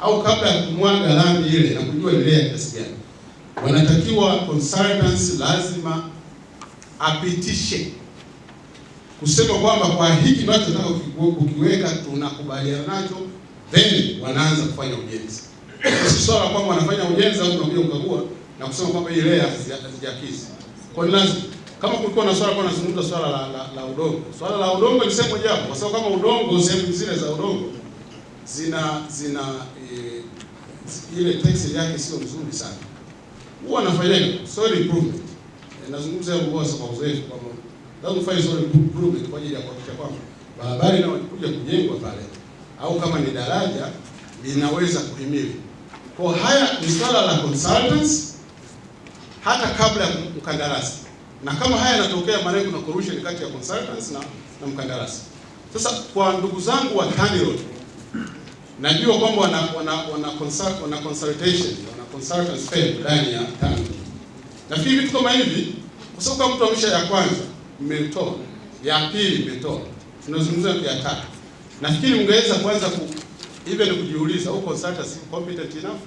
au kabla ya kumwaga lami ile na kujua ile kiasi gani, wanatakiwa consultants lazima apitishe kusema kwamba kwa hiki tunachotaka ukiweka tunakubaliana nacho, then wanaanza kufanya ujenzi. Si swala kwamba wanafanya ujenzi au tunakuja kukagua na kusema kwamba ile ya hazijakizi. Kwa nini lazima kama kulikuwa na swala kwa nazungumza swala la, la, la udongo. Swala la udongo ni sehemu moja hapo, kwa sababu kama udongo sehemu zile za udongo zina zina Eh, ile text yake sio nzuri sana. Huwa nafanya soil improvement e, eh, nazungumza hapo kwa sababu uzoefu kwa sababu lazima fanye soil improvement kwa ajili ya kuhakikisha kwamba barabara inayokuja kujengwa pale au kama ni daraja linaweza kuhimili. Kwa haya ni swala la consultants hata kabla ya mkandarasi, na kama haya yanatokea maana kuna corruption kati ya consultants na, na mkandarasi. Sasa kwa ndugu zangu wa TANROADS najua kwamba wana wana wana consult, wana consultation wana consultant spend ndani ya tanki. Nafikiri vitu kama hivi, kwa sababu kama mtu amesha ya kwanza mmetoa, ya pili mmetoa, tunazungumza ya tatu. Nafikiri ungeweza kwanza ku hivi ni kujiuliza au oh, consultant competent enough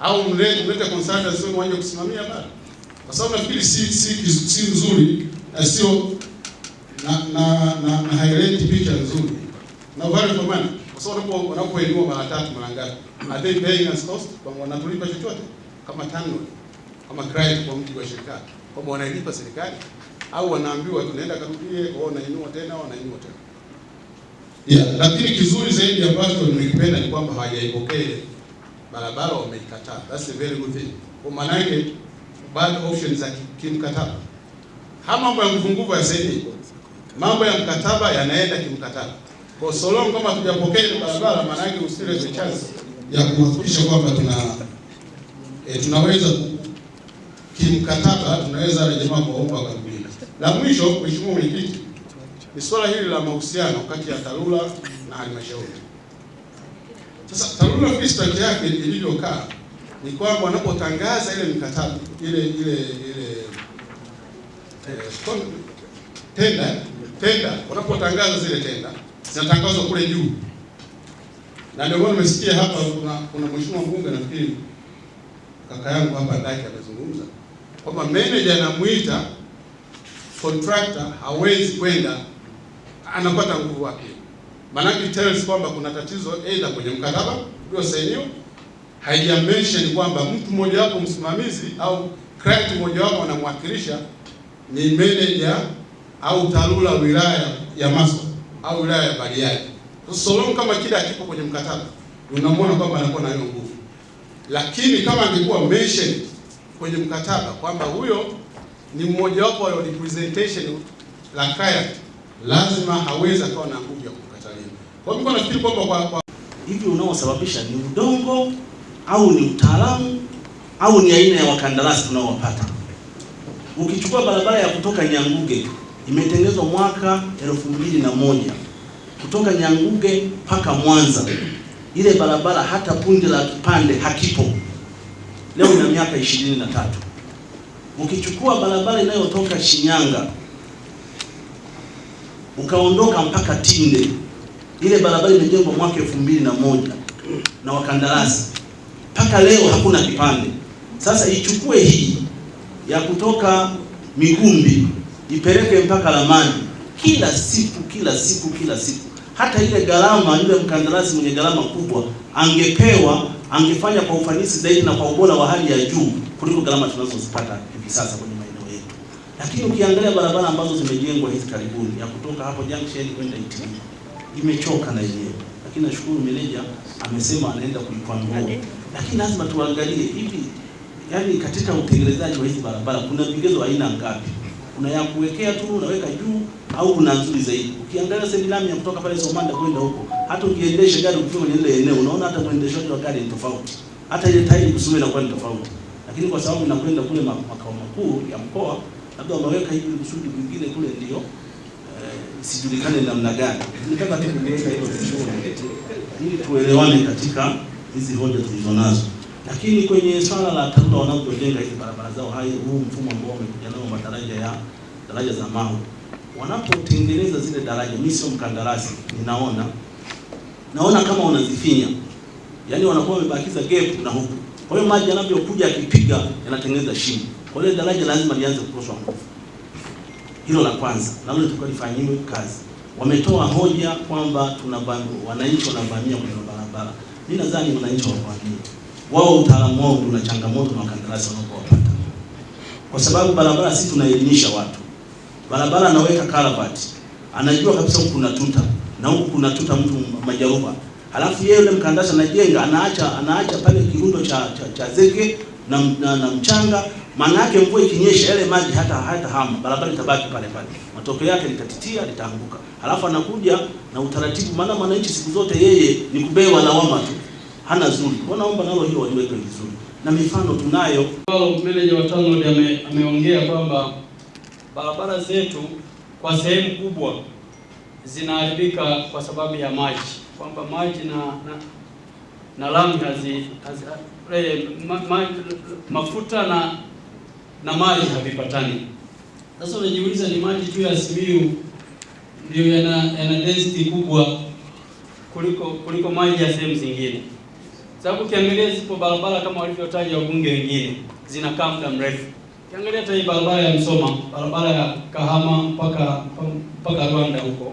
au mlete mlete consultant sio mwaje kusimamia bado, kwa sababu nafikiri si si si nzuri na sio na na na, na highlight picha nzuri na wale kwa maana kwa sababu wanapoinua mara tatu mara ngapi? Are they paying us cost? Kwa wanatulipa chochote kama tano kama credit kwa mjibu wa serikali. Kwa wanailipa serikali au wanaambiwa tunaenda karudie, wao oh, wanainua tena, wanainua tena. Yeah, lakini kizuri zaidi ambacho nimekipenda ni kwamba hawajaipokea barabara wameikataa. That's a very good thing. Kwa maana yake bad options za kimkataba. Haya mambo ya mvunguvu ya saidi. Mambo ya mkataba yanaenda kimkataba. Kwa Solongo kama tujapokea ile barabara, maana yake usile chance ya kuhakikisha kwamba tuna e, tunaweza kimkataba tunaweza wale jamaa kwa wakarudie. La mwisho, Mheshimiwa Mwenyekiti, ni swala hili la mahusiano kati ya TARURA na halmashauri. Sasa TARURA fistaki yake ilivyokaa ni kwamba wanapotangaza ile mkataba ile ile ile eh, tenda tenda, wanapotangaza zile tenda zinatangazwa kule juu, na ndio maana nimesikia hapa kuna kuna mheshimiwa mbunge nafikiri kaka yangu hapa Ndaki amezungumza kwamba manager anamuita contractor, hawezi kwenda, anapata nguvu wake. Maanake tells kwamba kuna tatizo aidha kwenye mkataba uliosainiwa, haija mention kwamba mtu mmoja wapo msimamizi au client mmoja wapo anamwakilisha ni manager au TARURA wilaya ya Maswa au wilaya ya Bariadi. Solomon kama kile akipo kwenye mkataba, unamwona kwamba anakuwa na hiyo nguvu, lakini kama angekuwa mention kwenye mkataba kwamba huyo ni mmojawapo wa representation la kaya, lazima hawezi akawa na nguvu ya kukatalia Kwa hiyo nafikiri kwamba kwa, kwa... hivi unaosababisha ni udongo au ni utaalamu au ni aina ya wakandarasi tunaowapata. Ukichukua barabara ya kutoka Nyanguge imetengenezwa mwaka elfu mbili na moja kutoka Nyanguge mpaka Mwanza. Ile barabara hata punde la kipande hakipo leo, ina miaka ishirini na tatu. Ukichukua barabara inayotoka Shinyanga ukaondoka mpaka Tinde, ile barabara imejengwa mwaka elfu mbili na moja na wakandarasi, mpaka leo hakuna kipande. Sasa ichukue hii ya kutoka Mikumbi ipeleke mpaka lamani, kila siku kila siku kila siku. Hata ile gharama, yule mkandarasi mwenye gharama kubwa angepewa, angefanya kwa ufanisi zaidi na kwa ubora wa hali ya juu kuliko gharama tunazozipata hivi sasa kwenye maeneo yetu. Lakini ukiangalia barabara ambazo zimejengwa hizi karibuni, ya kutoka hapo junction kwenda ITV imechoka na yenyewe, lakini nashukuru meneja amesema anaenda kuipanua, lakini lazima tuangalie hivi, yani katika utengenezaji wa hizi barabara kuna vigezo aina ngapi? kuna ya kuwekea tu unaweka juu au kuna nzuri zaidi. Ukiangalia Senilami ya kutoka pale Somanda kwenda huko, hata ukiendesha gari ukifika kwenye ile eneo unaona hata mwendeshaji wa gari ni tofauti, hata ile tairi kusoma inakuwa ni tofauti, lakini kwa sababu inakwenda kule makao makuu ya mkoa, labda wameweka hivi kusudi vingine kule ndio eh, sijulikane namna gani. Nataka tu kuweka hilo vizuri ili tuelewane katika hizi hoja tulizonazo. Lakini kwenye swala la TARURA wanapojenga hizi barabara zao hai, huu mfumo ambao wamekuja nao madaraja ya daraja za mawe, wanapotengeneza zile daraja, mimi sio mkandarasi, ninaona naona kama wanazifinya, yaani wanakuwa wamebakiza gap na huku. Kwa hiyo maji yanavyokuja yakipiga, yanatengeneza shimo, kwa hiyo daraja lazima lianze kukoshwa nguvu. Hilo la kwanza nalo litakuwa lifanyiwe kazi. Wametoa hoja kwamba tuna wananchi wanavamia kwenye barabara. Mimi nadhani wananchi wanavamia wao utaalamu wao ndio na changamoto na wakandarasi wanaopata, kwa sababu barabara sisi tunaelimisha watu, barabara anaweka karavati, anajua kabisa huku kuna tuta na huku kuna tuta mtu majaruba, halafu yeye yule mkandarasi anajenga, anaacha anaacha pale kirundo cha cha, cha zege na, na, na mchanga. Maana yake mvua ikinyesha yale maji hata hata hama barabara itabaki pale pale, matokeo yake litatitia litaanguka. Halafu anakuja na utaratibu, maana mwananchi siku zote yeye ni kubewa lawama tu hana zuri. Naomba nalo hilo waliweke vizuri na mifano tunayo. Meneja wa TANROADS ame, ameongea kwamba barabara zetu kwa sehemu kubwa zinaharibika kwa sababu ya maji, kwamba maji na na, na lami hazi, hazi, eh, ma, ma, mafuta na na maji havipatani. Sasa unajiuliza ni maji tu ya Simiyu ndio yana, yana density kubwa kuliko kuliko maji ya sehemu zingine sababu ukiangalia zipo barabara kama walivyotaja wabunge wengine zinakaa muda mrefu. Ukiangalia hata hii barabara ya Msoma, barabara ya Kahama mpaka mpaka Rwanda huko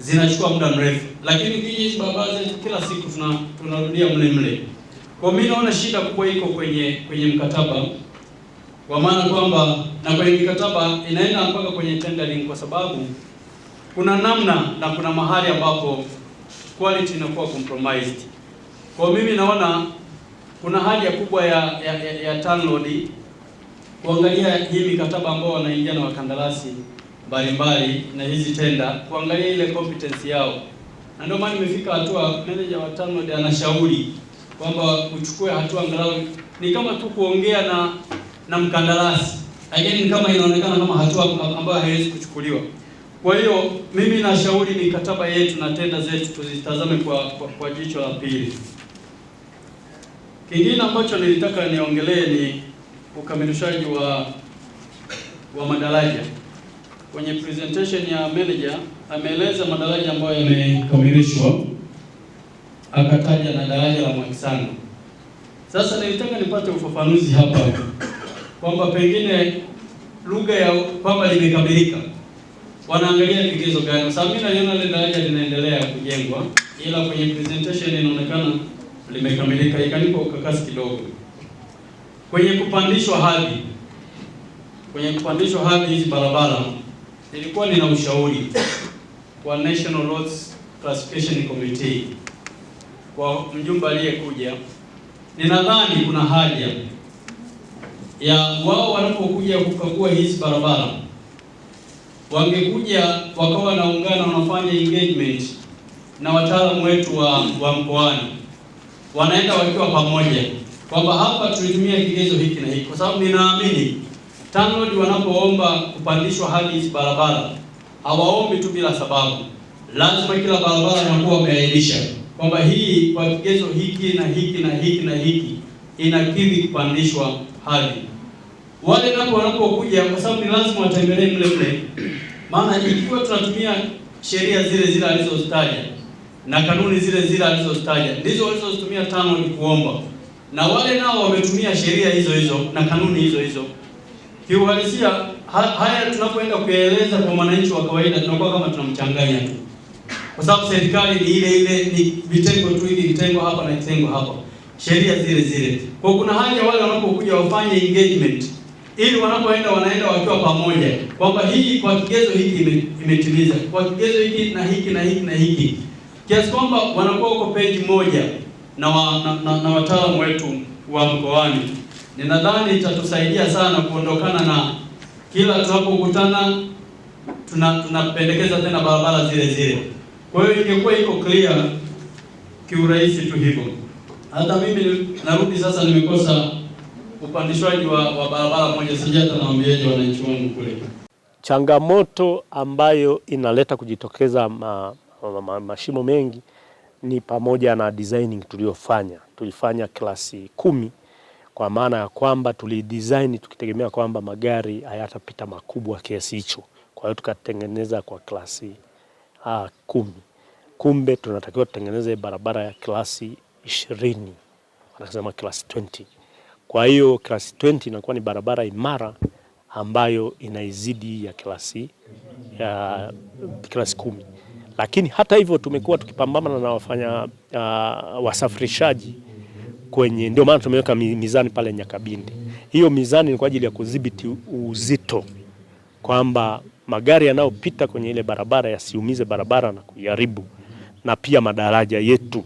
zinachukua muda mrefu, lakini ukija hizi barabara zetu kila siku tuna tunarudia mle mle. Kwa mimi naona shida kubwa iko kwenye kwenye mkataba, kwa maana kwamba na kwenye mkataba inaenda mpaka kwenye tendering, kwa sababu kuna namna na kuna mahali ambapo quality inakuwa compromised. Kwa mimi naona kuna haja kubwa ya ya, ya, ya TANROADS kuangalia hii mikataba ambao wanaingia na wakandarasi mbalimbali na hizi tenda, kuangalia ile competence yao, na ndio maana imefika hatua manager wa TANROADS anashauri kwamba uchukue hatua angalau ni kama tu kuongea na na mkandarasi, lakini kama inaonekana kama hatua ambayo haiwezi kuchukuliwa. Kwa hiyo mimi nashauri mikataba yetu na tenda zetu tuzitazame kwa, kwa, kwa jicho la pili. Kingine ambacho nilitaka niongelee ni ukamilishaji wa wa madaraja. Kwenye presentation ya manager ameeleza madaraja ambayo yamekamilishwa, akataja na daraja la mwaksano Sasa nilitaka nipate ufafanuzi hapa kwamba pengine lugha ya kwamba limekamilika wanaangalia vigezo gani? Sasa mimi naona ile daraja linaendelea kujengwa, ila kwenye presentation inaonekana limekamilika, ikanipa ukakasi kidogo kwenye kupandishwa hadhi. Kwenye kupandishwa hadhi hizi barabara, nilikuwa nina ushauri kwa National Roads Classification Committee kwa mjumbe aliyekuja, ninadhani kuna haja ya wao wanapokuja kukagua hizi barabara wangekuja wakawa naungana wanafanya engagement na wataalamu wetu wa, wa mkoani wanaenda wakiwa pamoja, kwamba hapa tulitumia kigezo hiki na hiki, kwa sababu ninaamini TANROADS wanapoomba kupandishwa hadi hizi barabara hawaombi tu bila sababu, lazima kila barabara wanakuwa wameainisha kwamba hii kwa kigezo hiki na hiki na hiki na hiki inakidhi kupandishwa hadi Wale napo wanapokuja, kwa sababu ni lazima watembelee mle mle, maana ikiwa tunatumia sheria zile zile alizozitaja na kanuni zile zile alizozitaja ndizo walizozitumia. Tano ni kuomba, na wale nao wametumia sheria hizo hizo na kanuni hizo hizo. Kiuhalisia ha haya tunapoenda kuyaeleza kwa mwananchi wa kawaida, tunakuwa kama tunamchanganya tu, kwa sababu serikali ni ile ile, ni vitengo tu, hivi vitengo hapa na vitengo hapa, sheria zile zile. Kwa kuna haja wale wanapokuja wafanye engagement ili wanapoenda wanaenda wakiwa pamoja, kwamba hii kwa kigezo hiki imetimiza, kwa kigezo hiki na hiki na hiki na hiki kiasi kwamba wanakuwa uko peji moja na, wa, na, na, na wataalamu wetu wa mkoani. Ninadhani itatusaidia sana kuondokana na kila tunapokutana tuna tunapendekeza tena barabara zile zile. Kwa hiyo ingekuwa iko clear kiurahisi tu hivyo. Hata mimi narudi sasa, nimekosa upandishwaji wa, wa barabara moja, sija hata naambiaje wananchi wangu kule, changamoto ambayo inaleta kujitokeza ma mashimo mengi ni pamoja na designing tuliyofanya. Tulifanya klasi kumi kwa maana ya kwamba tulidesign tukitegemea kwamba magari hayatapita makubwa kiasi hicho, kwa hiyo tukatengeneza kwa klasi ah, kumi. Kumbe tunatakiwa tutengeneze barabara ya klasi ishirini, wanasema klasi 20. Kwa hiyo klasi 20 inakuwa ni barabara imara ambayo inaizidi ya klasi ya klasi kumi. Lakini hata hivyo tumekuwa tukipambana na wafanya uh, wasafirishaji kwenye, ndio maana tumeweka mizani pale Nyakabindi. Hiyo mizani ni kwa ajili ya kudhibiti uzito, kwamba magari yanayopita kwenye ile barabara yasiumize barabara na kuiharibu, na pia madaraja yetu.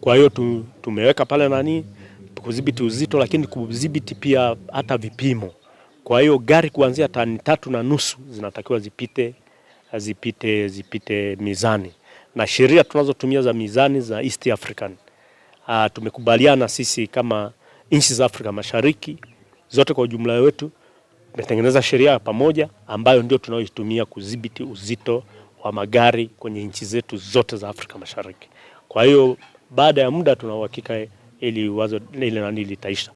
Kwa hiyo tu, tumeweka pale nani kudhibiti uzito, lakini kudhibiti pia hata vipimo. Kwa hiyo gari kuanzia tani tatu na nusu zinatakiwa zipite zipite, zipite mizani na sheria tunazotumia za mizani za East African. Uh, tumekubaliana sisi kama nchi za Afrika Mashariki zote kwa ujumla wetu tumetengeneza sheria pamoja ambayo ndio tunaoitumia kudhibiti uzito wa magari kwenye nchi zetu zote za Afrika Mashariki. Kwa hiyo baada ya muda tuna uhakika eh, ile wazo ile nani litaisha.